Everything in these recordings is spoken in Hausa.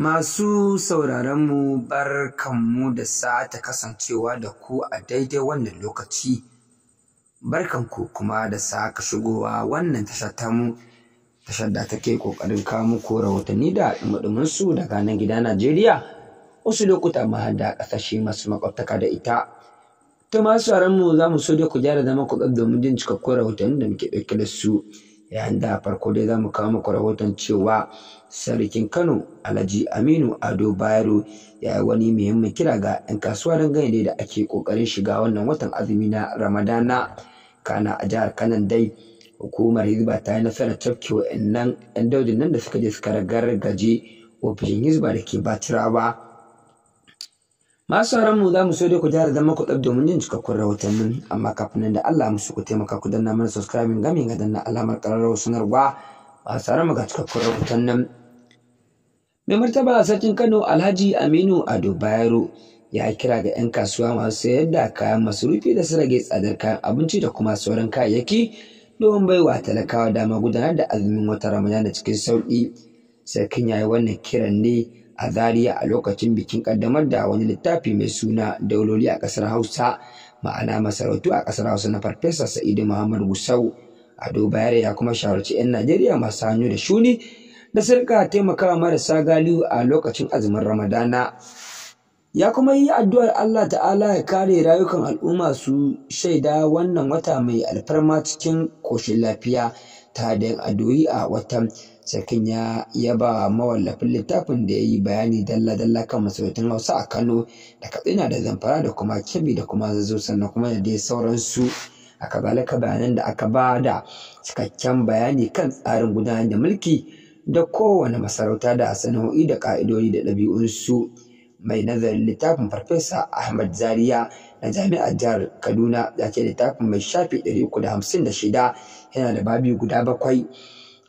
Masu sauraronmu barkanmu da sa'ata kasancewa da ku a daidai wannan lokaci, barkanku kuma da sa'aka shigowa wannan tasha mu, tashar da take ƙoƙarin kawo muku rahotanni da su daga nan gida Najeriya, wasu lokuta ma da ƙasashe masu makwabtaka da ita. Ta masu mu za mu so da ku gyara zama ku domin jin cikakkun rahotanni da muke ɗauke da su. yayin da farko dai za mu kawo muku rahoton cewa sarkin kano alhaji aminu ado bayero ya yi wani muhimmin kira ga 'yan kasuwa ne da ake kokarin shiga wannan watan azumi na ramadana kana a jihar kano dai hukumar hizba ta yi nasarar tafki wa'annan 'yan daudin nan da suka je suka ragar ofishin hizba da ke batirawa masu sauran mu za mu so dai ku jara da maku ɗab domin jin cikakkun rahotannin amma kafin nan da Allah musu ku taimaka ku danna mana subscribing gami ga danna alamar ƙararrawar sanarwa ba sauran mu ga cikakkun nan. Mai martaba sarkin Kano Alhaji Aminu Ado Bayero ya kira ga 'yan kasuwa masu sayar da kayan masarufi da su rage tsadar kayan abinci da kuma sauran kayayyaki domin wa talakawa dama gudanar da azumin wata ramadana cikin sauƙi sarkin ya yi wannan kiran ne a Zaria a lokacin bikin ƙaddamar da wani littafi mai suna dauloli a ƙasar Hausa ma'ana masarautu a ƙasar Hausa na Farfesa Sa'idu Muhammad Gusau. Ado Bayar ya kuma shawarci 'yan Najeriya masu hannu da shuni da sirka taimakawa marasa galihu a lokacin azumin Ramadana. Ya kuma yi addu'ar Allah ta'ala ya kare rayukan al'umma su shaida wannan wata mai alfarma cikin ƙoshin lafiya ta da addu'o'i a watan sarkin ya ba mawallafin littafin da ya yi bayani dalla-dalla kan masarautun hausa a kano da katsina da zamfara da kuma kebbi da kuma zazzau sannan kuma da dai sauransu a kazalika bayanan da aka ba da cikakken bayani kan tsarin gudanar da mulki da kowane masarauta da sana'o'i da ka'idodi da ɗabi'unsu mai nazarin littafin farfesa ahmad zaria na jami'ar jihar kaduna da ke littafin mai shafi da da shida yana da babi guda bakwai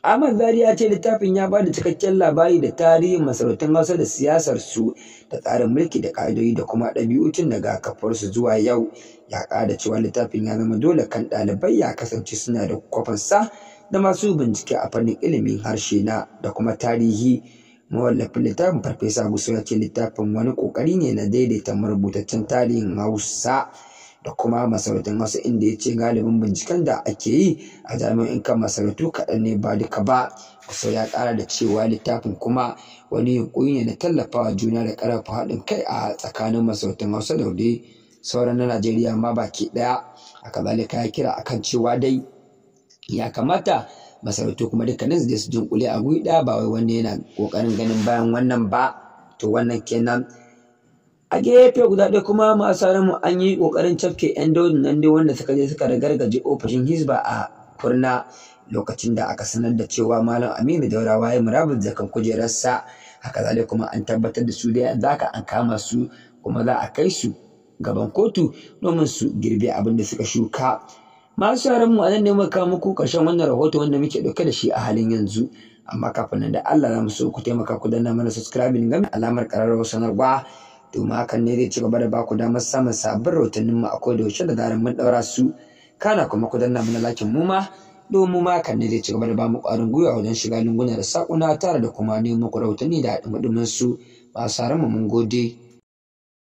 Ahmad Zari ya ce littafin ya ba da cikakken labari da tarihin masarautun Hausa da siyasarsu da tsarin mulki da ƙa'idoji da kuma ɗabi'u tun daga kafarsu zuwa yau. Ya ƙara cewa littafin ya zama dole kan ɗalibai ya kasance suna da kwafansa da masu bincike a fannin ilimin harshe na da kuma tarihi. Mawallafin littafin Farfesa Gusau ya ce littafin wani ƙoƙari ne na daidaita marubutaccen tarihin Hausa. da kuma masarautun wasu inda ya ce galibin binciken da ake yi a jami'in kan masarautu kaɗan ne ba duka ba kusa ya ƙara da cewa littafin kuma wani yunƙuri ne na tallafawa juna da ƙarfafa haɗin kai a tsakanin masarautun hausa da dai sauran na najeriya ma baki ɗaya a kazalika ya kira akan cewa dai ya kamata masarautu kuma dukkanin su je su dunkule a guri ɗaya ba wai wanda yana ƙoƙarin ganin bayan wannan ba to wannan kenan a gefe guda ɗaya kuma masu mu an yi ƙoƙarin cafke 'yan daudin nan dai wanda suka je suka ragargaje ofishin hizba a kurna lokacin da aka sanar da cewa malam aminu Daura ya murabus zakan kujerarsa haka zalai kuma an tabbatar da su da yanzu haka an kama su kuma za a kai su gaban kotu domin su girbe abin da suka shuka masu yaran mu a nan ne muka muku ƙarshen wannan rahoto wanda muke ɗauke da shi a halin yanzu amma kafin nan da Allah za mu so ku taimaka ku danna mana subscribing game alamar ƙararrawar sanarwa domin hakan ne zai ci gaba da baku ku damar samun sabbin rahotannin mu a da yaushe da zarar mun daura su kana kuma ku danna mana lakin mu ma domin ma hakan ne zai ci gaba da bamu mu ƙwarin gwiwa wajen shiga lunguna da saƙuna tare da kuma neman ku rahotanni da haɗin su masu mu mun gode.